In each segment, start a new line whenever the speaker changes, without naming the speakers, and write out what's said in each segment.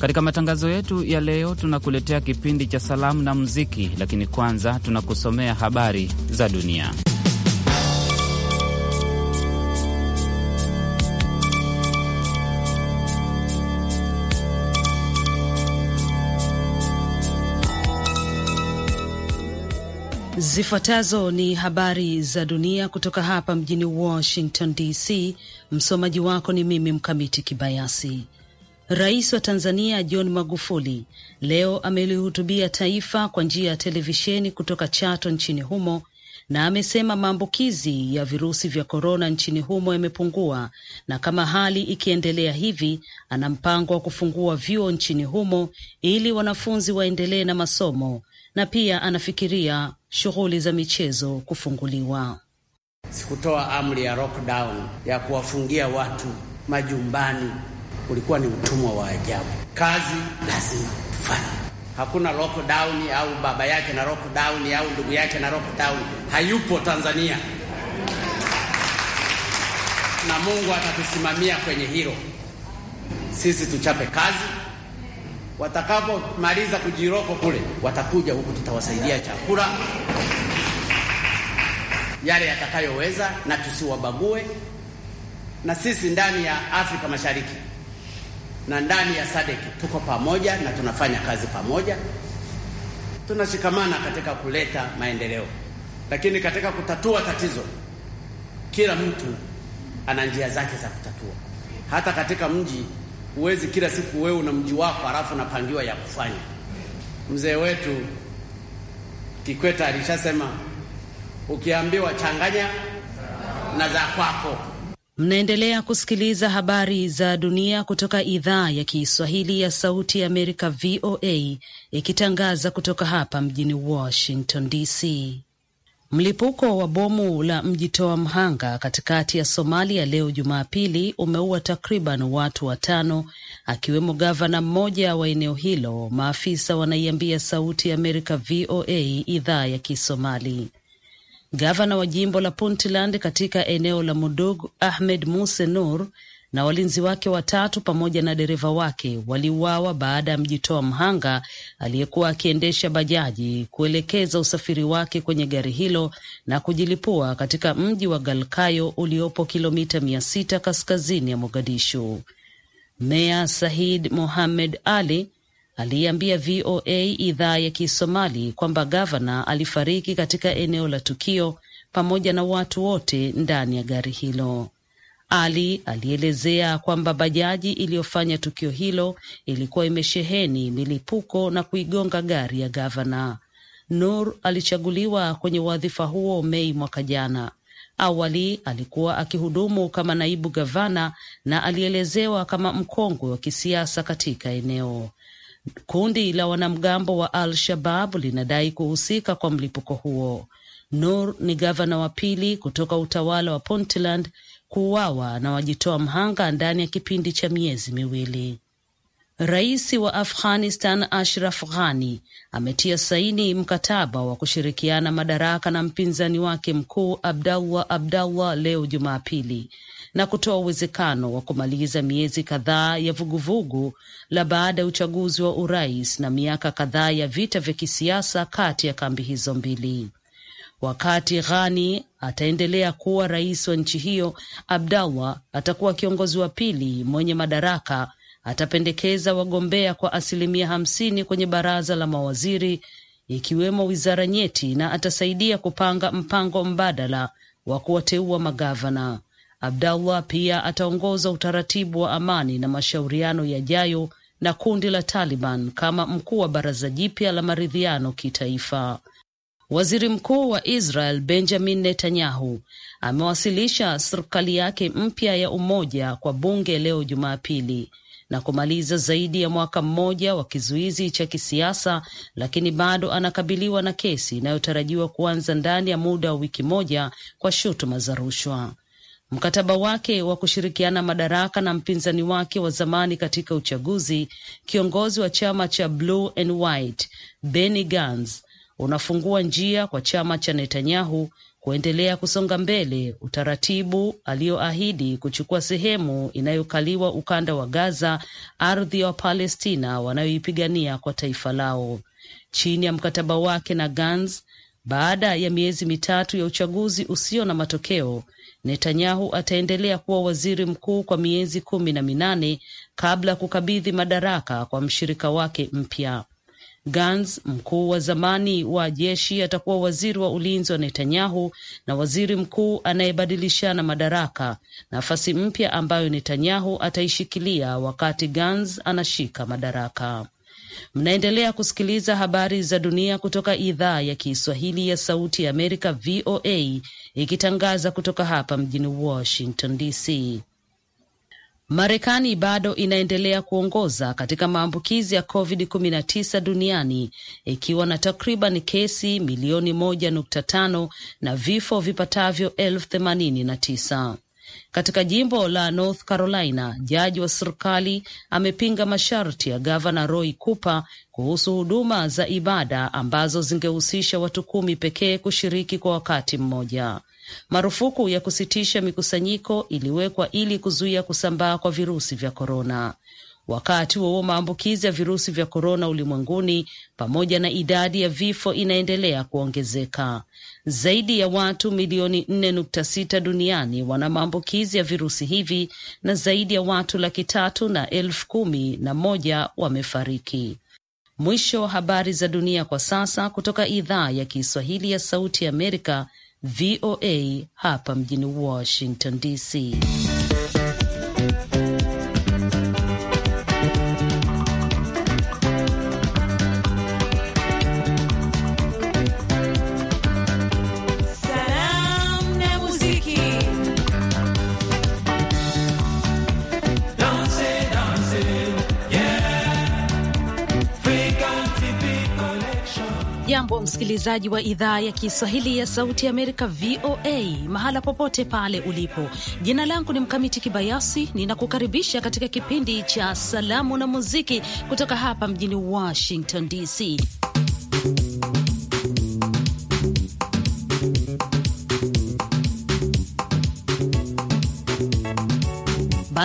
Katika matangazo yetu ya leo, tunakuletea kipindi cha salamu na muziki, lakini kwanza tunakusomea habari za dunia.
Zifuatazo ni habari za dunia kutoka hapa mjini Washington DC. Msomaji wako ni mimi Mkamiti Kibayasi. Rais wa Tanzania John Magufuli leo amelihutubia taifa kwa njia ya televisheni kutoka Chato nchini humo na amesema maambukizi ya virusi vya korona nchini humo yamepungua, na kama hali ikiendelea hivi, ana mpango wa kufungua vyuo nchini humo ili wanafunzi waendelee na masomo, na pia anafikiria shughuli za michezo kufunguliwa.
Sikutoa amri ya lockdown ya kuwafungia watu majumbani ulikuwa ni utumwa wa ajabu. Kazi lazima fanya, hakuna lockdown au baba yake na lockdown au ndugu yake na lockdown, hayupo Tanzania na Mungu atatusimamia kwenye hilo. Sisi tuchape kazi, watakapomaliza kujiroko kule watakuja huku, tutawasaidia chakula yale yatakayoweza, na tusiwabague. Na sisi ndani ya Afrika Mashariki na ndani ya SADC tuko pamoja na tunafanya kazi pamoja, tunashikamana katika kuleta maendeleo, lakini katika kutatua tatizo kila mtu ana njia zake za kutatua. Hata katika mji huwezi kila siku wewe una mji wako halafu unapangiwa ya kufanya. Mzee wetu Kikwete alishasema ukiambiwa changanya na za kwako.
Mnaendelea kusikiliza habari za dunia kutoka idhaa ya Kiswahili ya Sauti ya Amerika, VOA, ikitangaza kutoka hapa mjini Washington DC. Mlipuko wa bomu la mjitoa mhanga katikati ya Somalia leo Jumapili umeua takriban watu watano, akiwemo gavana mmoja wa eneo hilo, maafisa wanaiambia Sauti ya Amerika, VOA, idhaa ya Kisomali. Gavana wa jimbo la Puntland katika eneo la Mudug, Ahmed Muse Nur, na walinzi wake watatu pamoja na dereva wake waliuawa baada ya mjitoa mhanga aliyekuwa akiendesha bajaji kuelekeza usafiri wake kwenye gari hilo na kujilipua katika mji wa Galkayo uliopo kilomita mia sita kaskazini ya Mogadishu. Meya Sahid Mohamed Ali aliyeambia VOA idhaa ya Kisomali kwamba gavana alifariki katika eneo la tukio pamoja na watu wote ndani ya gari hilo. Ali alielezea kwamba bajaji iliyofanya tukio hilo ilikuwa imesheheni milipuko na kuigonga gari ya gavana. Nur alichaguliwa kwenye wadhifa huo Mei mwaka jana. Awali alikuwa akihudumu kama naibu gavana na alielezewa kama mkongwe wa kisiasa katika eneo. Kundi la wanamgambo wa Al-Shabab linadai kuhusika kwa mlipuko huo. Nur ni gavana wa pili kutoka utawala wa Puntland kuuawa na wajitoa mhanga ndani ya kipindi cha miezi miwili. Rais wa Afghanistan Ashraf Ghani ametia saini mkataba wa kushirikiana madaraka na mpinzani wake mkuu Abdallah Abdallah leo Jumapili, na kutoa uwezekano wa kumaliza miezi kadhaa ya vuguvugu la baada ya uchaguzi wa urais na miaka kadhaa ya vita vya kisiasa kati ya kambi hizo mbili. Wakati Ghani ataendelea kuwa rais wa nchi hiyo, Abdallah atakuwa kiongozi wa pili mwenye madaraka. Atapendekeza wagombea kwa asilimia hamsini kwenye baraza la mawaziri, ikiwemo wizara nyeti, na atasaidia kupanga mpango mbadala wa kuwateua magavana. Abdallah pia ataongoza utaratibu wa amani na mashauriano yajayo na kundi la Taliban kama mkuu wa baraza jipya la maridhiano kitaifa. Waziri Mkuu wa Israel Benjamin Netanyahu amewasilisha serikali yake mpya ya umoja kwa bunge leo Jumapili na kumaliza zaidi ya mwaka mmoja wa kizuizi cha kisiasa, lakini bado anakabiliwa na kesi inayotarajiwa kuanza ndani ya muda wa wiki moja kwa shutuma za rushwa. Mkataba wake wa kushirikiana madaraka na mpinzani wake wa zamani katika uchaguzi, kiongozi wa chama cha Blue and White Benny Gantz, unafungua njia kwa chama cha Netanyahu kuendelea kusonga mbele utaratibu aliyoahidi kuchukua sehemu inayokaliwa ukanda wa Gaza, ardhi ya Wapalestina wanayoipigania kwa taifa lao. Chini ya mkataba wake na Gans, baada ya miezi mitatu ya uchaguzi usio na matokeo, Netanyahu ataendelea kuwa waziri mkuu kwa miezi kumi na minane kabla ya kukabidhi madaraka kwa mshirika wake mpya. Gans, mkuu wa zamani wa jeshi, atakuwa waziri wa ulinzi wa Netanyahu na waziri mkuu anayebadilishana madaraka, nafasi mpya ambayo Netanyahu ataishikilia wakati Gans anashika madaraka. Mnaendelea kusikiliza habari za dunia kutoka idhaa ya Kiswahili ya Sauti ya Amerika, VOA, ikitangaza kutoka hapa mjini Washington DC. Marekani bado inaendelea kuongoza katika maambukizi ya COVID-19 duniani ikiwa na takriban kesi milioni 1.5 na vifo vipatavyo elfu themanini na tisa. Katika jimbo la North Carolina, jaji wa serikali amepinga masharti ya gavana Roy Cooper kuhusu huduma za ibada ambazo zingehusisha watu kumi pekee kushiriki kwa wakati mmoja. Marufuku ya kusitisha mikusanyiko iliwekwa ili kuzuia kusambaa kwa virusi vya korona. Wakati huo maambukizi ya virusi vya korona ulimwenguni pamoja na idadi ya vifo inaendelea kuongezeka. Zaidi ya watu milioni 4.6 duniani wana maambukizi ya virusi hivi na zaidi ya watu laki tatu na elfu kumi na moja wamefariki. Mwisho wa habari za dunia kwa sasa kutoka idhaa ya Kiswahili ya Sauti ya Amerika, VOA hapa mjini Washington DC. msikilizaji wa idhaa ya Kiswahili ya Sauti ya Amerika, VOA, mahala popote pale ulipo. Jina langu ni Mkamiti Kibayasi, ninakukaribisha katika kipindi cha Salamu na Muziki kutoka hapa mjini Washington DC.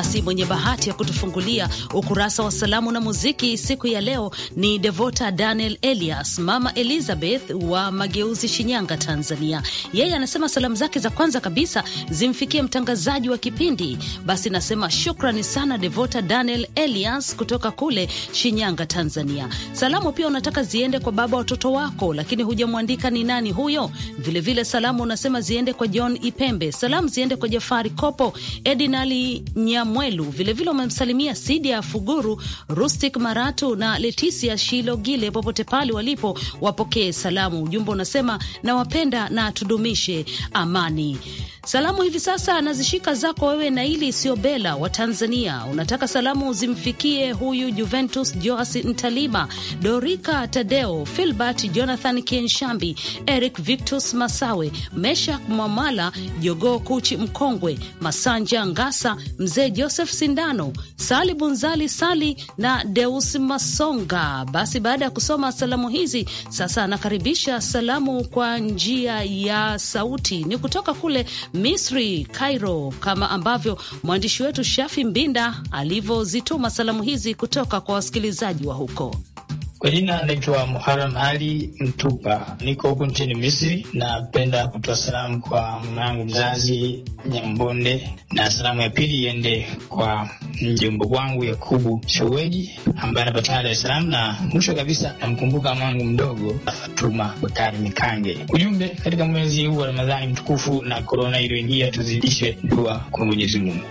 Basi mwenye bahati ya kutufungulia ukurasa wa salamu na muziki siku ya leo ni Devota Daniel Elias, mama Elizabeth wa Mageuzi, Shinyanga, Tanzania. Yeye anasema salamu zake za kwanza kabisa zimfikie mtangazaji wa kipindi. Basi nasema shukrani sana Devota Daniel Elias kutoka kule Shinyanga, Tanzania. Salamu pia unataka ziende kwa baba watoto wako, lakini hujamwandika ni nani huyo. Vilevile vile salamu unasema ziende kwa John Ipembe, salamu ziende kwa Jafari Kopo, Edinali Nyam Mwelu vilevile wamemsalimia Sidia Fuguru, Rustic Maratu na Letisia Shilogile popote pale walipo, wapokee salamu. Ujumbe unasema nawapenda na tudumishe amani. Salamu hivi sasa nazishika zako wewe Naili Siobela wa Tanzania. Unataka salamu zimfikie huyu Juventus Joas Ntalima, Dorika Tadeo, Filbert Jonathan Kienshambi, Eric Victus Masawe, Meshak Mwamala, Jogoo Kuchi Mkongwe, Masanja Ngasa, Mzee Joseph Sindano, Sali Bunzali Sali na Deus Masonga. Basi baada ya kusoma salamu hizi, sasa anakaribisha salamu kwa njia ya sauti. Ni kutoka kule Misri, Cairo, kama ambavyo mwandishi wetu Shafi Mbinda alivyozituma salamu hizi kutoka kwa wasikilizaji wa huko.
Kwa jina naitwa Muharam Ali Mtupa, niko huku nchini Misri. Napenda kutoa salamu kwa mama yangu mzazi Nyambonde, na salamu ya pili iende kwa mjomba wangu Yakubu Showeji ambaye anapatikana Dar es Salaam, na mwisho kabisa namkumbuka mangu mdogo Fatuma Bakari Mikange. Ujumbe katika mwezi huu wa Ramadhani mtukufu na korona iliyoingia, tuzidishe dua kwa Mwenyezi Mungu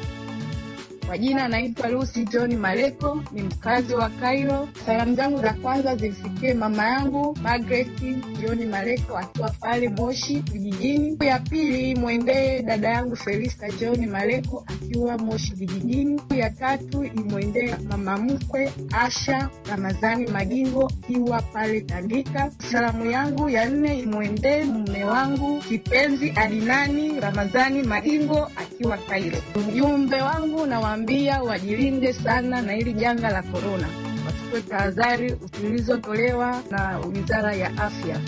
jina anaitwa Lucy John Maleko, ni mkazi wa Cairo. Salamu zangu za kwanza zimfikie mama yangu Magreti John Maleko akiwa pale Moshi vijijini. Ya pili imwendee dada yangu Felista John Maleko akiwa Moshi vijijini. Ya tatu imwendee mama mkwe Asha Ramazani Magingo akiwa pale Tandika. Salamu yangu ya nne imwendee mume wangu kipenzi Adinani Ramazani Magingo rais Kairo. Mjumbe wangu nawaambia wajilinde sana na hili janga la korona, wachukue tahadhari
zilizotolewa na wizara ya afya.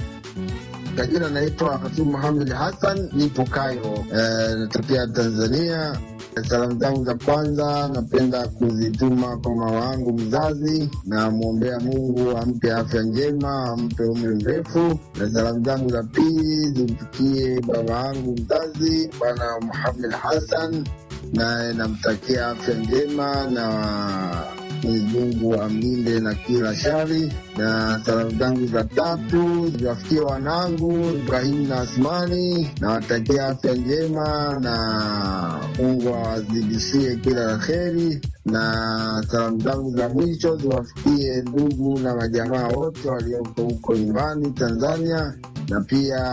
Kajina naitwa Hasim Muhamed Hassan, nipo Kairo, eh, natokea Tanzania. Salamu zangu za kwanza napenda kuzituma kwa mama wangu mzazi, namwombea Mungu ampe afya njema, ampe umri mrefu. Na salamu zangu za pili zimfikie baba yangu mzazi, Bwana Muhamed Hassan, naye namtakia afya njema na Mwenyezi Mungu amlinde na kila shari. Na salamu zangu za tatu ziwafikia wanangu Ibrahimu na Asmani, nawatakia afya njema na Mungu awazidishie kila la heri. Na salamu zangu za mwisho ziwafikie ndugu na majamaa wote walioko huko nyumbani Tanzania na pia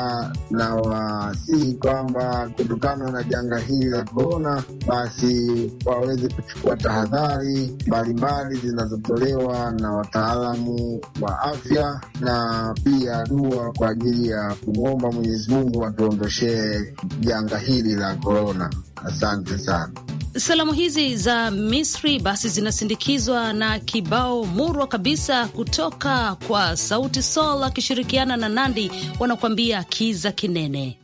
nawasihi kwamba kutokana na janga hili la korona, basi waweze kuchukua tahadhari mbalimbali zinazotolewa na wataalamu wa afya, na pia dua kwa ajili ya kumwomba Mwenyezi Mungu atuondoshee janga hili la korona. Asante sana.
Salamu hizi za Misri basi zinasindikizwa na kibao murwa kabisa kutoka kwa Sauti Sol akishirikiana na Nandi wanakuambia kiza kinene.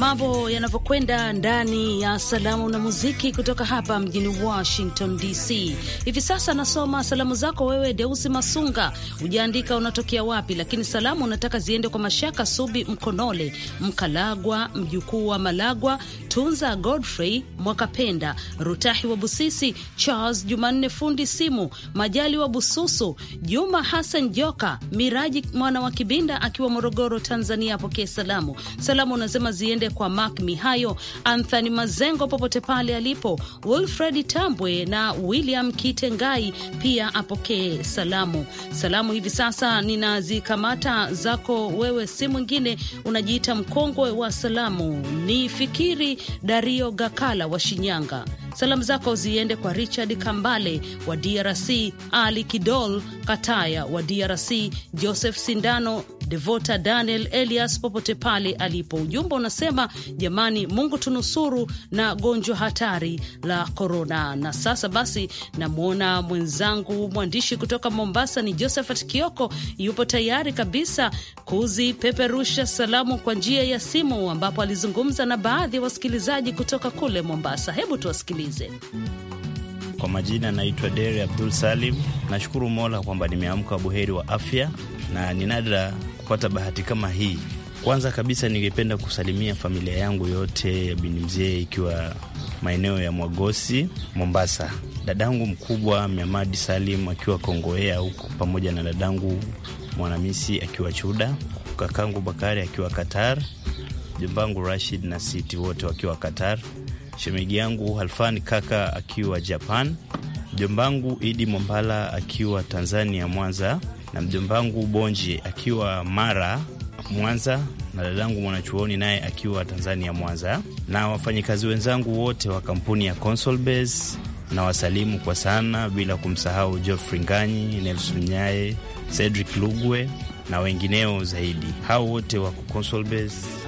mambo yanavyokwenda ndani ya salamu na muziki kutoka hapa mjini Washington DC. Hivi sasa nasoma salamu zako wewe, Deusi Masunga, ujaandika unatokea wapi, lakini salamu unataka ziende kwa Mashaka Subi Mkonole Mkalagwa, mjukuu wa Malagwa Tunza Godfrey Mwakapenda, Rutahi wa Busisi, Charles Jumanne fundi simu, Majali wa Bususu, Juma Hassan Joka, Miraji mwana wa Kibinda akiwa Morogoro, Tanzania, apokee salamu. Salamu unasema ziende kwa Mark Mihayo, Anthony Mazengo popote pale alipo, Wilfred Tambwe na William Kitengai pia apokee salamu. Salamu hivi sasa ninazikamata zako wewe, si mwingine unajiita mkongwe wa salamu ni Fikiri Dario Gakala wa Shinyanga. Salamu zako ziende kwa Richard Kambale wa DRC, Ali Kidol Kataya wa DRC, Joseph Sindano Devota Daniel Elias popote pale alipo. Ujumbe unasema jamani, Mungu tunusuru na gonjwa hatari la korona. Na sasa basi, namwona mwenzangu mwandishi kutoka Mombasa ni Josephat Kioko, yupo tayari kabisa kuzipeperusha salamu kwa njia ya simu, ambapo alizungumza na baadhi ya wa wasikilizaji kutoka kule Mombasa. Hebu tuwasikilize.
Kwa majina naitwa Dere Abdul Salim. Nashukuru Mola kwamba nimeamka buheri wa afya, na ni nadra kupata bahati kama hii. Kwanza kabisa ningependa kusalimia familia yangu yote ya Bini Mzee, ikiwa maeneo ya Mwagosi, Mombasa. Dadangu mkubwa Miamadi Salim akiwa Kongowea huku pamoja na dadangu Mwanamisi akiwa Chuda, kakangu Bakari akiwa Qatar, mjombangu Rashid na Siti wote wakiwa Qatar, shemegi yangu Halfani kaka akiwa Japan, mjombangu Idi Mombala akiwa Tanzania, Mwanza, na mjomba wangu Bonje akiwa Mara Mwanza, na dadangu mwanachuoni naye akiwa Tanzania Mwanza, na wafanyikazi wenzangu wote wa kampuni ya na wasalimu kwa sana, bila kumsahau Geoffrey Nganyi, Nelson Nyaye, Cedric Lugwe na wengineo zaidi. Hao wote wako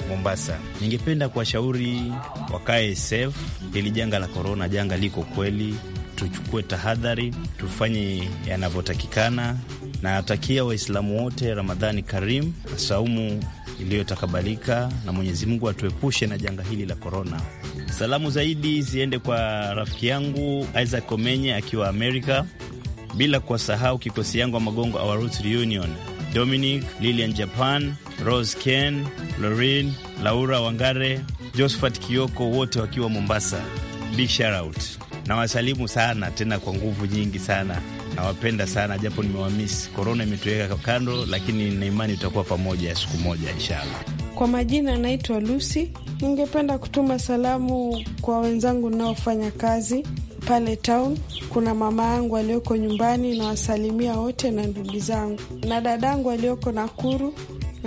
Mombasa. Ningependa kuwashauri wakae safe. Hili janga la korona, janga liko kweli, tuchukue tahadhari, tufanye yanavyotakikana Nayatakia Waislamu wote Ramadhani Karim, saumu iliyotakabalika, na Mwenyezi Mungu atuepushe na janga hili la korona. Salamu zaidi ziende kwa rafiki yangu Isaac Omenye akiwa Amerika, bila kuwasahau kikosi yangu wa Magongo Our Roots Reunion, Dominic Lilian, Japan, Rose Ken, Lorin, Laura Wangare, Josephat Kioko, wote wakiwa Mombasa. Big shout out sana tena kwa nguvu nyingi sana nawapenda sana, japo nimewamisi. Korona imetuweka kando, lakini na imani tutakuwa pamoja siku moja inshallah.
Kwa majina naitwa Lusi. Ningependa kutuma salamu kwa wenzangu
ninaofanya kazi pale town. Kuna mama yangu aliyoko nyumbani nawasalimia wote, na ndugu zangu na dadangu aliyoko Nakuru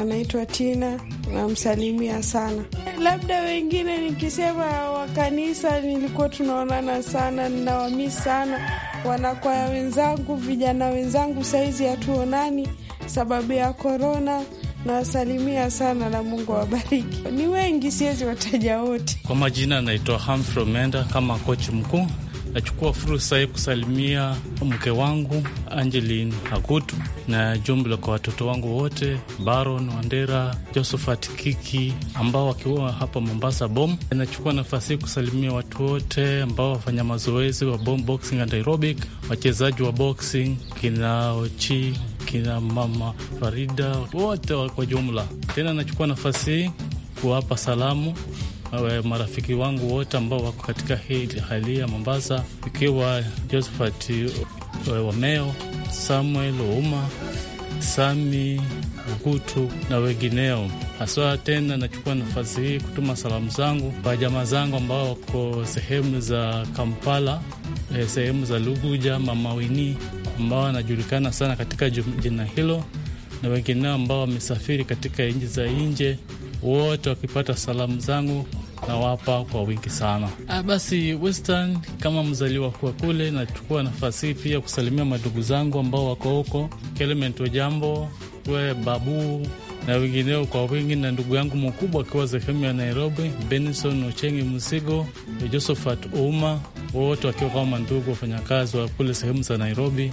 anaitwa Tina, namsalimia sana. Labda wengine nikisema wa kanisa, nilikuwa tunaonana sana, ninawamisi sana wanakwaya wenzangu, vijana
wenzangu, sahizi hatuonani sababu ya korona. Nawasalimia sana na Mungu awabariki. Ni wengi, siwezi wataja wote
kwa majina. Anaitwa Humphrey Menda kama kochi mkuu Nachukua fursa hii kusalimia mke wangu Angelin Hakutu na jumla kwa watoto wangu wote Baron Wandera, Josephat Kiki ambao wakiwa hapa Mombasa BOM. Nachukua nafasi hii kusalimia watu wote ambao wafanya mazoezi wa BOM boxing and aerobic, wachezaji wa boxing kina Ochi kina mama Farida wote kwa jumla. Tena nachukua nafasi hii kuwapa salamu marafiki wangu wote ambao wako katika hii hali ya Mombasa, ikiwa Josephat eh, Wameo, Samuel Ouma, Sami Kutu na wengineo haswa. Tena nachukua nafasi hii kutuma salamu zangu kwa jamaa zangu ambao wako sehemu za Kampala, eh, sehemu za Luguja, Mamawini ambao wanajulikana sana katika jina hilo, na wengineo ambao wamesafiri katika nchi za nje, wote wakipata salamu zangu nawapa kwa wingi sana. Ah, basi Western, kama mzaliwa kwa kule, nachukua nafasi hii pia kusalimia madugu zangu ambao wako huko Clement Ojambo, we babu na wengineo kwa wingi, na ndugu yangu mkubwa akiwa sehemu ya Nairobi, Benson Ochengi Msigo, Josephat Ouma, wote wakiwa kama mandugu wafanyakazi wa kule sehemu za Nairobi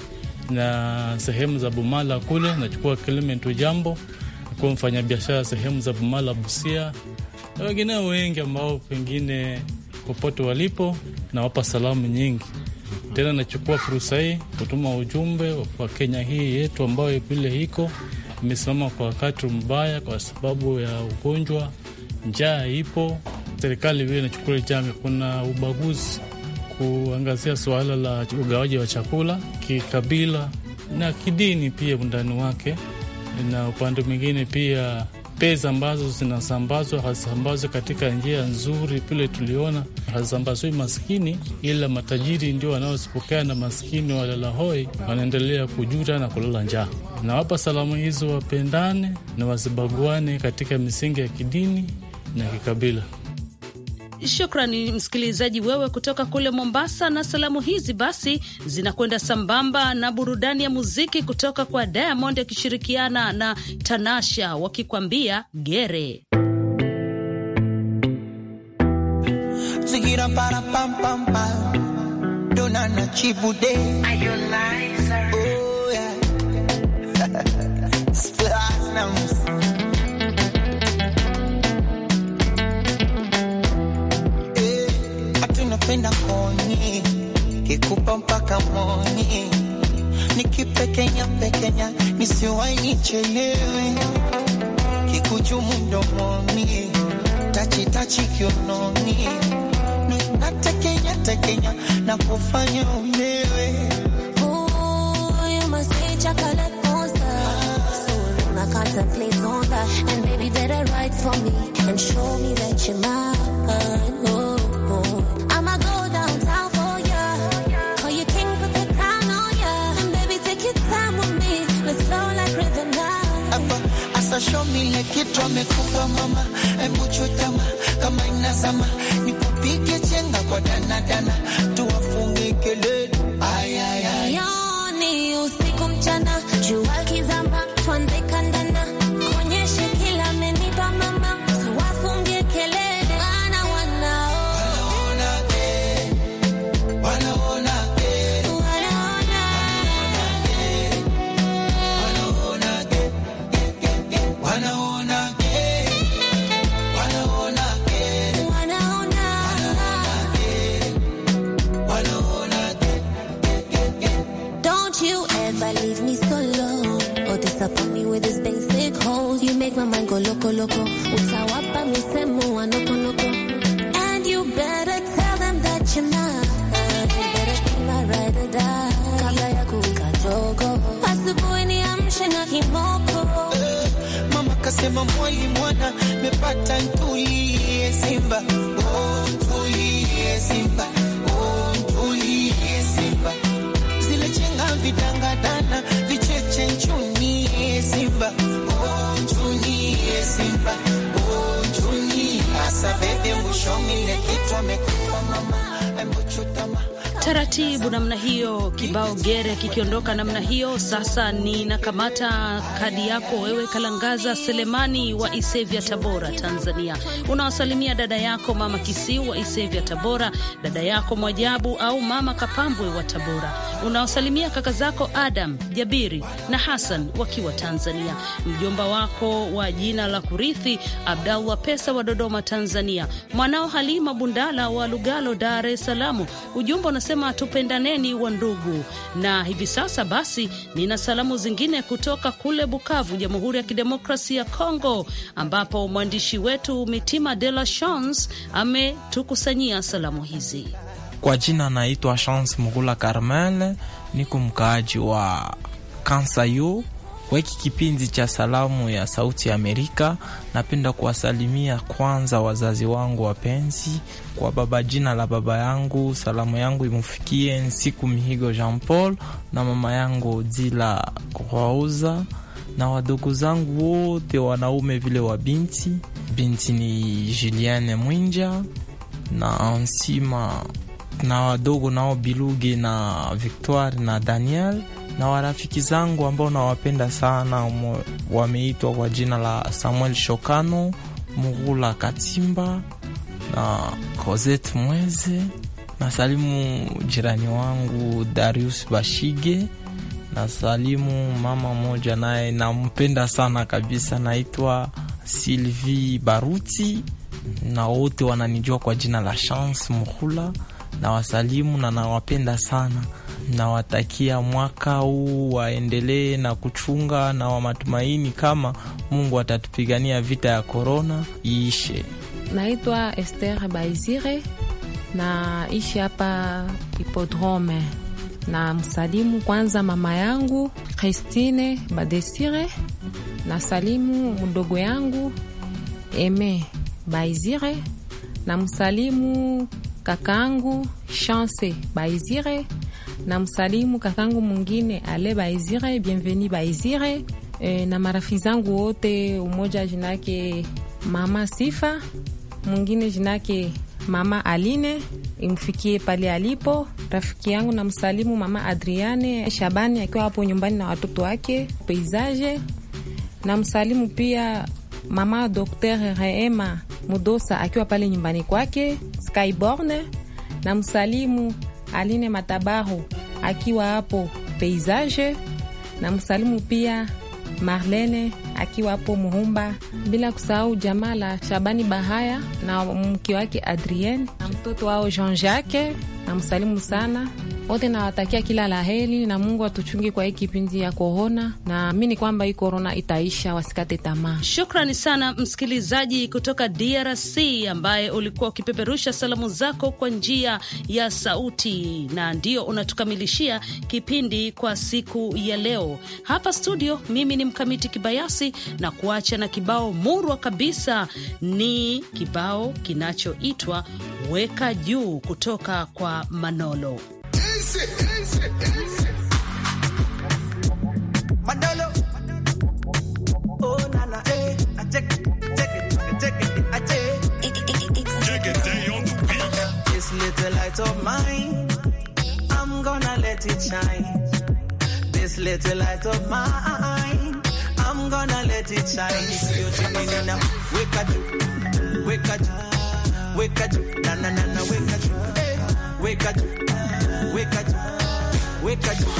na sehemu za Bumala kule. Nachukua Clement Ujambo akiwa mfanyabiashara sehemu za Bumala, Busia na wengineo wengi ambao pengine popote walipo, nawapa salamu nyingi. Tena nachukua fursa hii kutuma ujumbe kwa Kenya hii yetu ambayo vile iko imesimama kwa wakati mbaya kwa sababu ya ugonjwa, njaa ipo, serikali vile inachukua jambo, kuna ubaguzi kuangazia suala la ugawaji wa chakula kikabila na kidini pia undani wake, na upande mwingine pia pesa ambazo zinasambazwa hazisambazwe katika njia nzuri vile tuliona, hazisambazwi maskini, ila matajiri ndio wanaozipokea na maskini walalahoi wanaendelea kujuta na kulala njaa. Nawapa salamu hizo, wapendane na wasibaguane katika misingi ya kidini na kikabila.
Shukrani msikilizaji wewe kutoka kule Mombasa, na salamu hizi basi zinakwenda sambamba na burudani ya muziki kutoka kwa Diamond akishirikiana na Tanasha wakikwambia gere
napenda koni kikupa mpaka moni nikipekenya pekenya nisiwai chelewe kikuchumu mdomoni tachitachi kiononi natekenya tekenya na kufanya ulewe oh, amekufa mama, hebu chutama kama inazama, nikupike chenga kwa danadana tuwafunge
loko loko loko, utawapa misemo wa loko and you better tell them that you're not. You better be my ride or die, kabla ya kuwika jogo, asubuhi niamshe na kimoko. Mama kasema mwali mwana
mepata, ntulie Simba, oh ntulie Simba, oh ntulie Simba, zile chenga vidangada mimba ujuni hasa bebe mbushomile kitwa mekua mama embuchutama
taratibu namna hiyo, kibao gere kikiondoka namna hiyo. Sasa ninakamata kadi yako wewe, Kalangaza Selemani wa Isevya, Tabora, Tanzania. Unawasalimia dada yako mama Kisiu wa Isevya, Tabora, dada yako Mwajabu au mama Kapambwe wa Tabora. Unawasalimia kaka zako Adam Jabiri na Hasan wakiwa Tanzania, mjomba wako wa jina la kurithi Abdallah Pesa wa Dodoma, Tanzania, mwanao Halima Bundala wa Lugalo, Dar es Salaam. Ujumbe unasema anasema tupendaneni wa ndugu. Na hivi sasa basi, nina salamu zingine kutoka kule Bukavu, Jamhuri ya kidemokrasi ya Kongo, ambapo mwandishi wetu Mitima de la Chance ametukusanyia salamu hizi.
Kwa jina anaitwa Chance Mugula Carmel, niko mkaaji wa Kansayu, kwa hiki kipindi cha salamu ya Sauti ya Amerika. Napenda kuwasalimia kwanza wazazi wangu wapenzi, kwa baba, jina la baba yangu salamu yangu imfikie Nsiku Mihigo Jean Paul na mama yangu Dila Kwauza na wadogo zangu wote wanaume vile wa binti binti ni Juliane Mwinja na ansima na wadogo nao Biluge na Victoire na Daniel na warafiki zangu ambao nawapenda sana wameitwa kwa jina la Samuel Shokano, Mugula Katimba na Cosette Mweze. Nasalimu jirani wangu Darius Bashige, nasalimu mama moja naye nampenda sana kabisa, naitwa Sylvie Baruti, na wote wananijua kwa jina la Chance Mugula. Nawasalimu na nawapenda sana nawatakia mwaka huu waendelee na kuchunga na wa matumaini kama Mungu atatupigania vita ya korona
iishe. Naitwa Esther Baizire na ishi hapa Hipodrome, na msalimu kwanza mama yangu Christine Badesire na salimu mdogo yangu Eme Baizire na msalimu kakaangu Chance Baizire na msalimu kakangu mwingine ale Baizire, bienveni Baizire e, na marafiki zangu wote, umoja jinake mama Sifa, mwingine jinake mama Aline, imfikie pale alipo. Rafiki yangu na msalimu mama Adriane Shabani akiwa hapo nyumbani na watoto wake Peizaje, na msalimu pia mama Dr. Reema Mudosa akiwa pale nyumbani kwake Skyborne na msalimu Aline Matabaho akiwa hapo Peizaje, na msalimu pia Marlene akiwa hapo Muhumba, bila kusahau jamaa la Shabani Bahaya na mke wake Adrienne na mtoto wao Jean Jacques, na msalimu sana wote nawatakia kila la heri na Mungu atuchungi kwa hii kipindi ya korona, na mini kwamba hii korona itaisha, wasikate tamaa.
Shukrani sana msikilizaji kutoka DRC ambaye ulikuwa ukipeperusha salamu zako kwa njia ya sauti, na ndio unatukamilishia kipindi kwa siku ya leo hapa studio. Mimi ni Mkamiti Kibayasi na kuacha na kibao murwa kabisa, ni kibao kinachoitwa Weka Juu kutoka kwa Manolo.
This little light of mine, I'm gonna let it shine. This little light of mine, I'm gonna let it shine. weka juu, weka juu,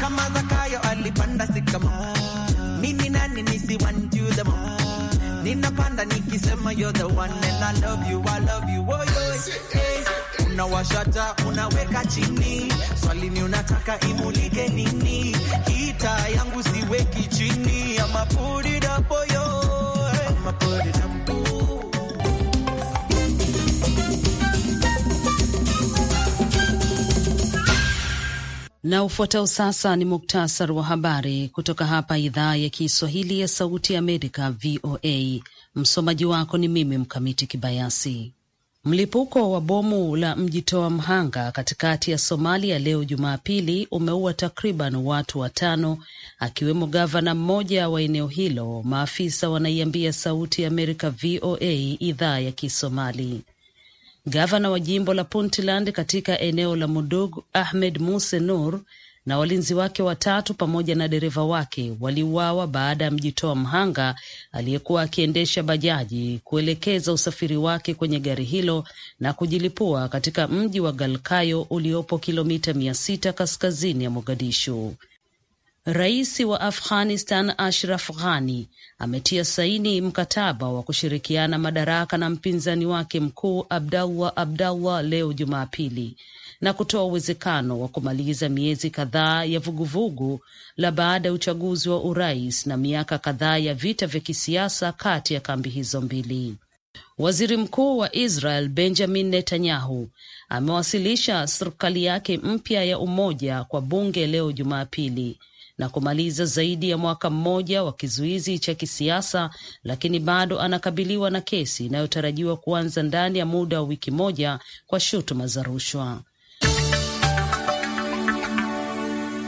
kama Zakayo alipanda sikama mimi nani nisiwanjuhema ninapanda nikisema you're the one and I love you, I love you, oh, hey. Unawashata unaweka chini, swali ni unataka imulike nini? Kita yangu siweki chini, ama put it up, oh, yo. Ama put it up, oh.
Na ufuatao sasa ni muktasar wa habari kutoka hapa idhaa ya Kiswahili ya Sauti Amerika, VOA. Msomaji wako ni mimi Mkamiti Kibayasi. Mlipuko wa bomu la mjitoa mhanga katikati ya Somalia leo Jumapili umeua takriban watu watano, akiwemo gavana mmoja wa eneo hilo, maafisa wanaiambia Sauti ya Amerika VOA idhaa ya Kisomali. Gavana wa jimbo la Puntland katika eneo la Mudug, Ahmed Muse Nur, na walinzi wake watatu pamoja na dereva wake waliuawa baada ya mjitoa mhanga aliyekuwa akiendesha bajaji kuelekeza usafiri wake kwenye gari hilo na kujilipua katika mji wa Galkayo uliopo kilomita mia sita kaskazini ya Mogadishu. Rais wa Afghanistan Ashraf Ghani ametia saini mkataba wa kushirikiana madaraka na mpinzani wake mkuu Abdallah Abdallah leo Jumapili na kutoa uwezekano wa kumaliza miezi kadhaa ya vuguvugu la baada ya uchaguzi wa urais na miaka kadhaa ya vita vya kisiasa kati ya kambi hizo mbili. Waziri Mkuu wa Israel Benjamin Netanyahu amewasilisha serikali yake mpya ya umoja kwa bunge leo Jumapili na kumaliza zaidi ya mwaka mmoja wa kizuizi cha kisiasa, lakini bado anakabiliwa na kesi inayotarajiwa kuanza ndani ya muda wa wiki moja kwa shutuma za rushwa.